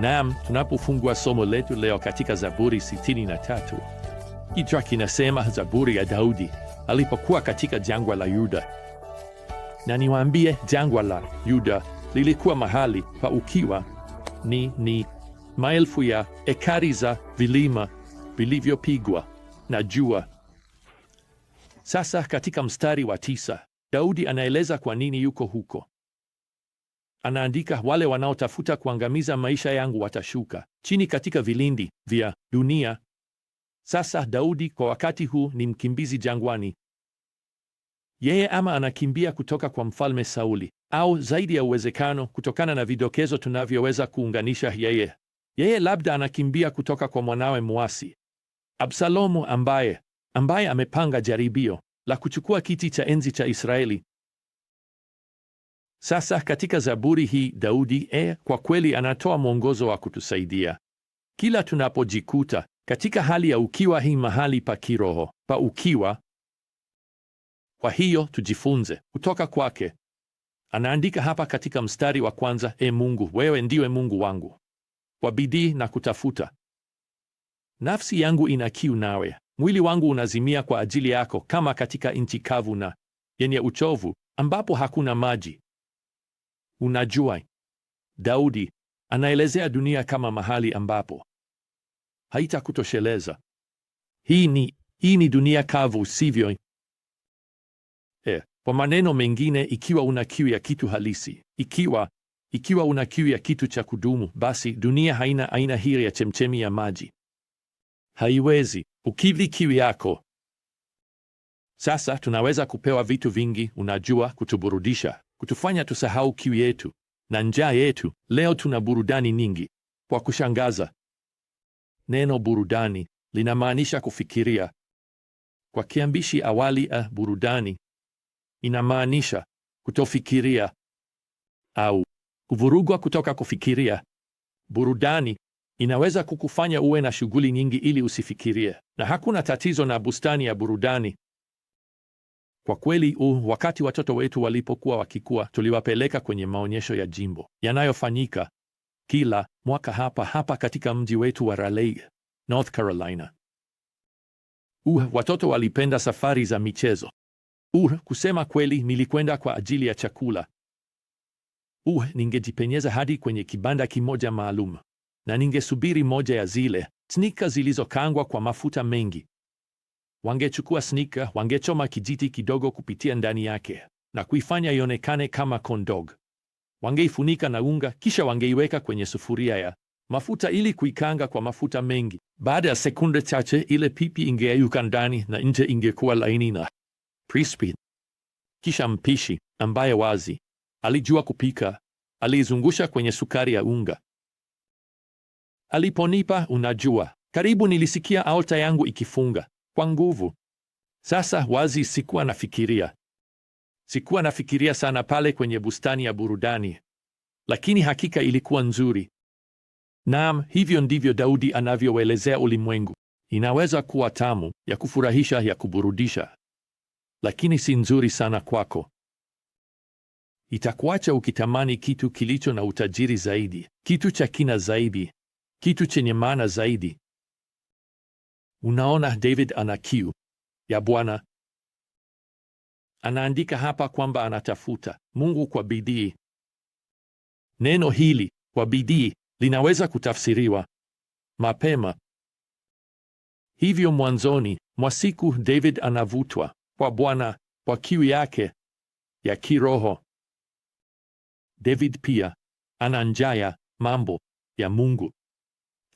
Naam, tunapofungua somo letu leo katika Zaburi tatu, kichwa kinasema Zaburi ya Daudi alipokuwa katika jangwa la Yuda. Na niwaambie, jangwa la Yuda lilikuwa mahali pa ukiwa, ni ni maelfu ya ekari za vilima vilivyopigwa na jua. Sasa katika mstari wa tisa Daudi anaeleza kwa nini yuko huko. Anaandika, wale wanaotafuta kuangamiza maisha yangu watashuka chini katika vilindi vya dunia. Sasa Daudi kwa wakati huu ni mkimbizi jangwani. Yeye ama anakimbia kutoka kwa mfalme Sauli au zaidi ya uwezekano, kutokana na vidokezo tunavyoweza kuunganisha, yeye yeye labda anakimbia kutoka kwa mwanawe mwasi Absalomu, ambaye ambaye amepanga jaribio la kuchukua kiti cha enzi cha Israeli. Sasa katika Zaburi hii Daudi e, kwa kweli anatoa mwongozo wa kutusaidia kila tunapojikuta katika hali ya ukiwa, hii mahali pa kiroho pa ukiwa. Kwa hiyo tujifunze kutoka kwake. Anaandika hapa katika mstari wa kwanza, E Mungu, wewe ndiwe Mungu wangu, kwa bidii na kutafuta nafsi yangu ina kiu nawe, mwili wangu unazimia kwa ajili yako, kama katika nchi kavu na yenye uchovu ambapo hakuna maji. Unajua, Daudi anaelezea dunia kama mahali ambapo haitakutosheleza. Hii ni hii ni dunia kavu, sivyo? E, kwa maneno mengine, ikiwa una kiu ya kitu halisi, ikiwa ikiwa una kiu ya kitu cha kudumu, basi dunia haina aina hii ya chemchemi ya maji, haiwezi ukivi kiu yako. Sasa tunaweza kupewa vitu vingi, unajua, kutuburudisha, kutufanya tusahau kiu yetu na njaa yetu. Leo tuna burudani nyingi. Kwa kushangaza, neno burudani linamaanisha kufikiria. Kwa kiambishi awali a burudani inamaanisha kutofikiria au kuvurugwa kutoka kufikiria. Burudani inaweza kukufanya uwe na shughuli nyingi ili usifikirie, na hakuna tatizo na bustani ya burudani. Kwa kweli u wakati watoto wetu walipokuwa wakikua, tuliwapeleka kwenye maonyesho ya jimbo yanayofanyika kila mwaka hapa hapa katika mji wetu wa Raleigh, North Carolina. Uh, watoto walipenda safari za michezo. Uh, kusema kweli nilikwenda kwa ajili ya chakula. Uh, ningejipenyeza hadi kwenye kibanda kimoja maalum na ningesubiri moja ya zile snika zilizokangwa kwa mafuta mengi Wangechukua snika, wangechoma kijiti kidogo kupitia ndani yake na kuifanya ionekane kama kondog. Wangeifunika na unga, kisha wangeiweka kwenye sufuria ya mafuta ili kuikanga kwa mafuta mengi. Baada ya sekunde chache, ile pipi ingeayuka ndani na nje ingekuwa laini na crispy. Kisha mpishi ambaye wazi alijua kupika aliizungusha kwenye sukari ya unga. Aliponipa, unajua, karibu nilisikia alta yangu ikifunga kwa nguvu. Sasa wazi, sikuwa nafikiria sikuwa nafikiria sana pale kwenye bustani ya burudani, lakini hakika ilikuwa nzuri. Naam, hivyo ndivyo Daudi anavyoelezea ulimwengu. Inaweza kuwa tamu, ya kufurahisha, ya kuburudisha, lakini si nzuri sana kwako. Itakuacha ukitamani kitu kilicho na utajiri zaidi, kitu cha kina zaidi, kitu chenye maana zaidi. Unaona, David ana kiu ya Bwana. Anaandika hapa kwamba anatafuta Mungu kwa bidii. Neno hili kwa bidii linaweza kutafsiriwa mapema. Hivyo mwanzoni mwa siku David anavutwa kwa Bwana kwa kiu yake ya kiroho. David pia ana njaa ya mambo ya Mungu.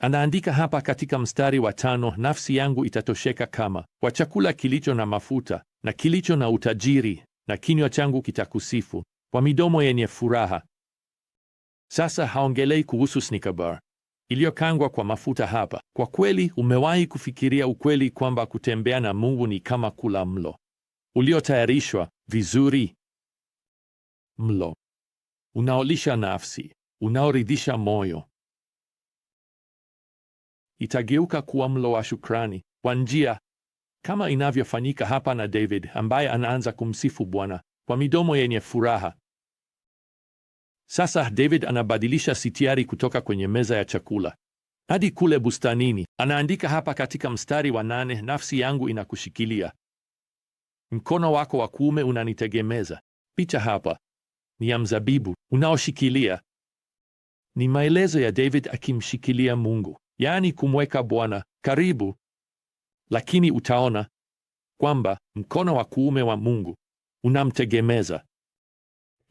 Anaandika hapa katika mstari wa tano, nafsi yangu itatosheka kama kwa chakula kilicho na mafuta na kilicho na utajiri, na kinywa changu kitakusifu kwa midomo yenye furaha. Sasa haongelei kuhusu snikabar iliyokangwa kwa mafuta hapa. Kwa kweli, umewahi kufikiria ukweli kwamba kutembea na Mungu ni kama kula mlo uliotayarishwa vizuri, mlo unaolisha nafsi, unaoridhisha moyo itageuka kuwa mlo wa shukrani kwa njia kama inavyofanyika hapa na David ambaye anaanza kumsifu Bwana kwa midomo yenye furaha. Sasa David anabadilisha sitiari kutoka kwenye meza ya chakula hadi kule bustanini. Anaandika hapa katika mstari wa nane, nafsi yangu inakushikilia, mkono wako wa kuume unanitegemeza. Picha hapa ni ya mzabibu unaoshikilia, ni maelezo ya David akimshikilia Mungu yaani kumweka Bwana karibu. Lakini utaona kwamba mkono wa kuume wa Mungu unamtegemeza.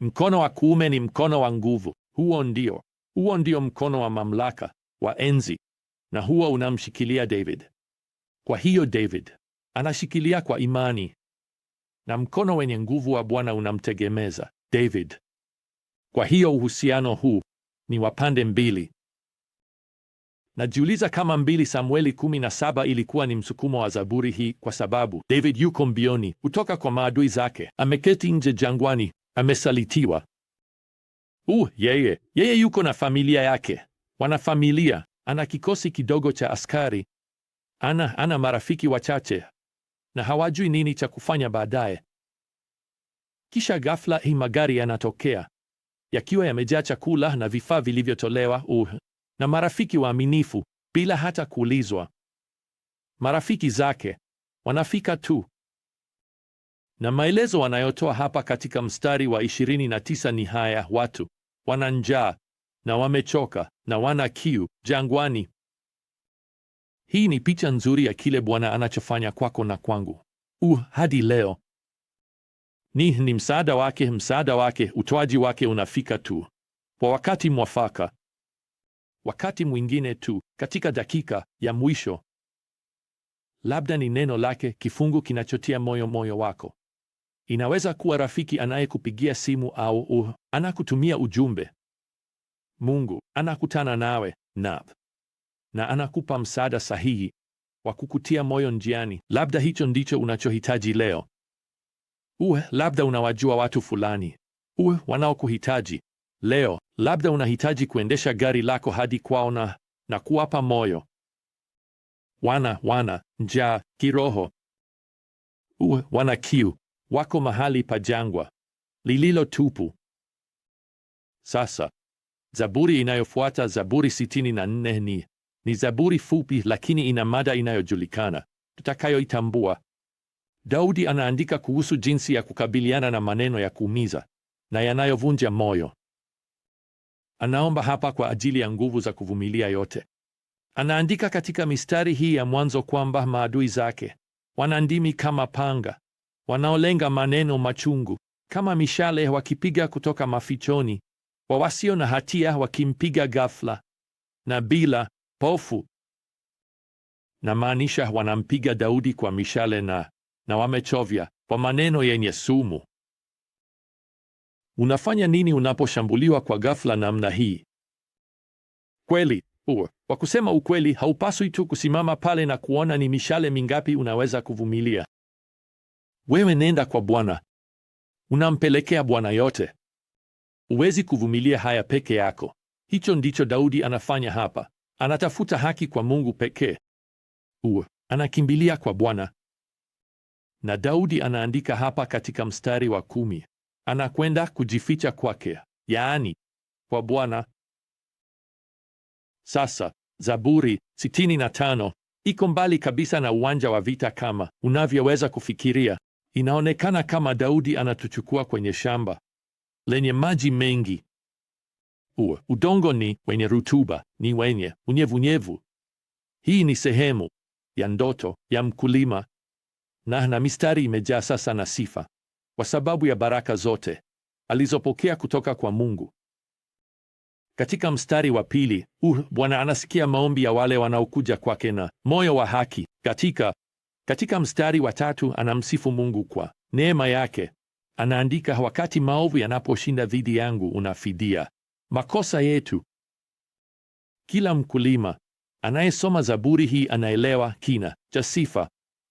Mkono wa kuume ni mkono wa nguvu. Huo ndio huo ndio mkono wa mamlaka wa enzi, na huo unamshikilia David. Kwa hiyo David anashikilia kwa imani, na mkono wenye nguvu wa Bwana unamtegemeza David. Kwa hiyo uhusiano huu ni wa pande mbili. Najiuliza kama mbili Samueli 17 ilikuwa ni msukumo wa zaburi hii, kwa sababu David yuko mbioni kutoka kwa maadui zake, ameketi nje jangwani, amesalitiwa. Uh, yeye yeye yuko na familia yake, wana familia, ana kikosi kidogo cha askari, ana ana marafiki wachache, na hawajui nini cha kufanya baadaye. Kisha ghafla hii magari yanatokea yakiwa yamejaa chakula na vifaa vilivyotolewa. Uh, na marafiki waaminifu bila hata kuulizwa. Marafiki zake wanafika tu, na maelezo wanayotoa hapa katika mstari wa 29 ni haya: watu wana njaa na wamechoka na wana kiu jangwani. Hii ni picha nzuri ya kile Bwana anachofanya kwako na kwangu uh, hadi leo. Ni ni msaada wake, msaada wake, utoaji wake unafika tu kwa wakati mwafaka wakati mwingine tu katika dakika ya mwisho. Labda ni neno lake, kifungu kinachotia moyo moyo wako. Inaweza kuwa rafiki anayekupigia simu au uh, anakutumia ujumbe. Mungu anakutana nawe na na anakupa msaada sahihi wa kukutia moyo njiani. Labda hicho ndicho unachohitaji leo. Uwe labda unawajua watu fulani uwe wanaokuhitaji Leo labda unahitaji kuendesha gari lako hadi kwao na na kuwapa moyo wana wana njaa kiroho u wana kiu, wako mahali pa jangwa lililo tupu. Sasa zaburi inayofuata Zaburi sitini na nne ni ni zaburi fupi, lakini ina mada inayojulikana tutakayoitambua. Daudi anaandika kuhusu jinsi ya kukabiliana na maneno ya kuumiza na yanayovunja moyo. Anaomba hapa kwa ajili ya nguvu za kuvumilia yote. Anaandika katika mistari hii ya mwanzo kwamba maadui zake wana ndimi kama panga, wanaolenga maneno machungu kama mishale, wakipiga kutoka mafichoni kwa wasio na hatia, wakimpiga ghafla na bila pofu. Namaanisha wanampiga Daudi kwa mishale na na wamechovya kwa maneno yenye sumu. Unafanya nini unaposhambuliwa kwa ghafla namna hii? Kweli u kwa kusema ukweli, haupaswi tu kusimama pale na kuona ni mishale mingapi unaweza kuvumilia. Wewe nenda kwa Bwana, unampelekea Bwana yote. Huwezi kuvumilia haya peke yako. Hicho ndicho Daudi anafanya hapa. Anatafuta haki kwa Mungu pekee, u anakimbilia kwa Bwana. Na Daudi anaandika hapa katika mstari wa kumi anakwenda kujificha kwake, yaani kwa Bwana. Sasa Zaburi sitini na tano iko mbali kabisa na uwanja wa vita kama unavyoweza kufikiria. Inaonekana kama Daudi anatuchukua kwenye shamba lenye maji mengi. U, udongo ni wenye rutuba, ni wenye unyevunyevu. Hii ni sehemu ya ndoto ya mkulima, na na mistari imejaa sasa na sifa kwa sababu ya baraka zote alizopokea kutoka kwa Mungu. Katika mstari wa pili, uh, Bwana anasikia maombi ya wale wanaokuja kwake na moyo wa haki. Katika katika mstari wa tatu anamsifu Mungu kwa neema yake. Anaandika, wakati maovu yanaposhinda dhidi yangu, unafidia makosa yetu. Kila mkulima anayesoma Zaburi hii anaelewa kina cha sifa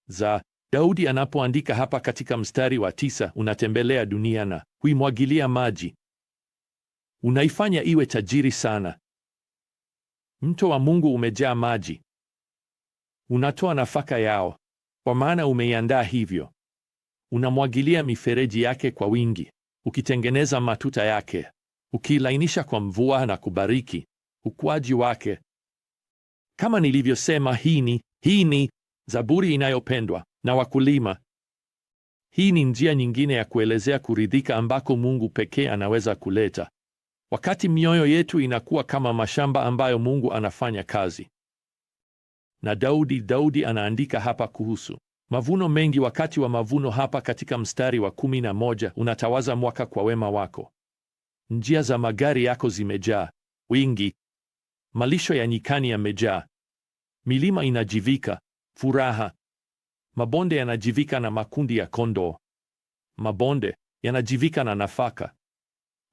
za Daudi anapoandika hapa katika mstari wa tisa, unatembelea dunia na huimwagilia maji, unaifanya iwe tajiri sana. Mto wa Mungu umejaa maji, unatoa nafaka yao, kwa maana umeiandaa hivyo. Unamwagilia mifereji yake kwa wingi, ukitengeneza matuta yake, ukilainisha kwa mvua na kubariki ukuaji wake. Kama nilivyosema, hii ni hii ni zaburi inayopendwa na wakulima. Hii ni njia nyingine ya kuelezea kuridhika ambako Mungu pekee anaweza kuleta. Wakati mioyo yetu inakuwa kama mashamba ambayo Mungu anafanya kazi. Na Daudi Daudi anaandika hapa kuhusu mavuno mengi wakati wa mavuno. Hapa katika mstari wa kumi na moja unatawaza mwaka kwa wema wako, njia za magari yako zimejaa wingi, malisho ya nyikani yamejaa, milima inajivika furaha. Mabonde yanajivika na makundi ya kondoo. Mabonde yanajivika na nafaka.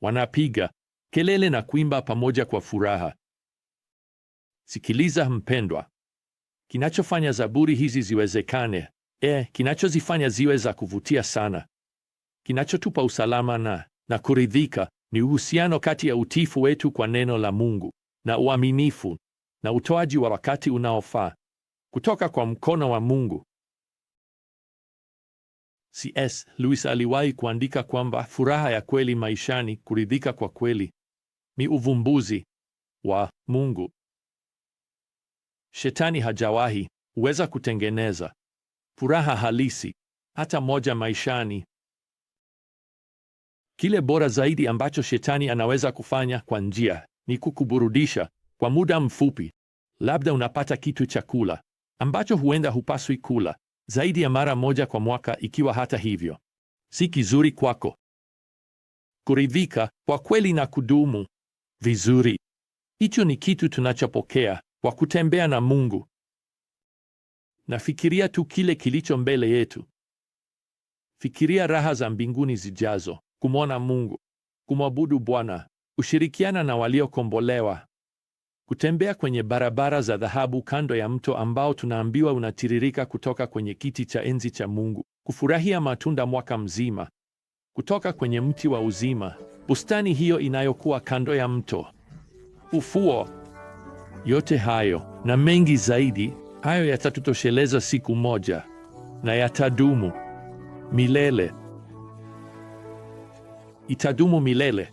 Wanapiga kelele na kuimba pamoja kwa furaha. Sikiliza mpendwa, kinachofanya zaburi hizi ziwezekane, e, kinachozifanya ziwe za kuvutia sana, kinachotupa usalama na na kuridhika ni uhusiano kati ya utiifu wetu kwa neno la Mungu na uaminifu na utoaji wa wakati unaofaa kutoka kwa mkono wa Mungu. C.S. Lewis aliwahi kuandika kwamba furaha ya kweli maishani, kuridhika kwa kweli, ni uvumbuzi wa Mungu. Shetani hajawahi uweza kutengeneza furaha halisi hata moja maishani. Kile bora zaidi ambacho shetani anaweza kufanya kwa njia ni kukuburudisha kwa muda mfupi. Labda unapata kitu cha kula ambacho huenda hupaswi kula, zaidi ya mara moja kwa mwaka, ikiwa hata hivyo si kizuri kwako. Kuridhika kwa kweli na kudumu vizuri, hicho ni kitu tunachopokea kwa kutembea na Mungu. Nafikiria tu kile kilicho mbele yetu. Fikiria raha za mbinguni zijazo, kumwona Mungu, kumwabudu Bwana, ushirikiana na waliokombolewa Kutembea kwenye barabara za dhahabu kando ya mto ambao tunaambiwa unatiririka kutoka kwenye kiti cha enzi cha Mungu, kufurahia matunda mwaka mzima kutoka kwenye mti wa uzima, bustani hiyo inayokuwa kando ya mto, ufuo. Yote hayo na mengi zaidi, hayo yatatutosheleza siku moja na yatadumu milele, itadumu milele.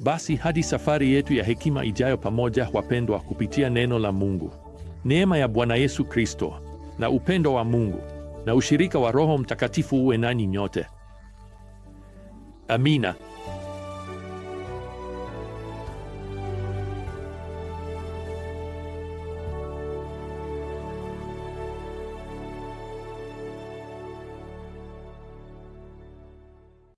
Basi hadi safari yetu ya hekima ijayo pamoja, wapendwa, kupitia neno la Mungu, neema ya Bwana Yesu Kristo na upendo wa Mungu na ushirika wa Roho Mtakatifu uwe nanyi nyote. Amina.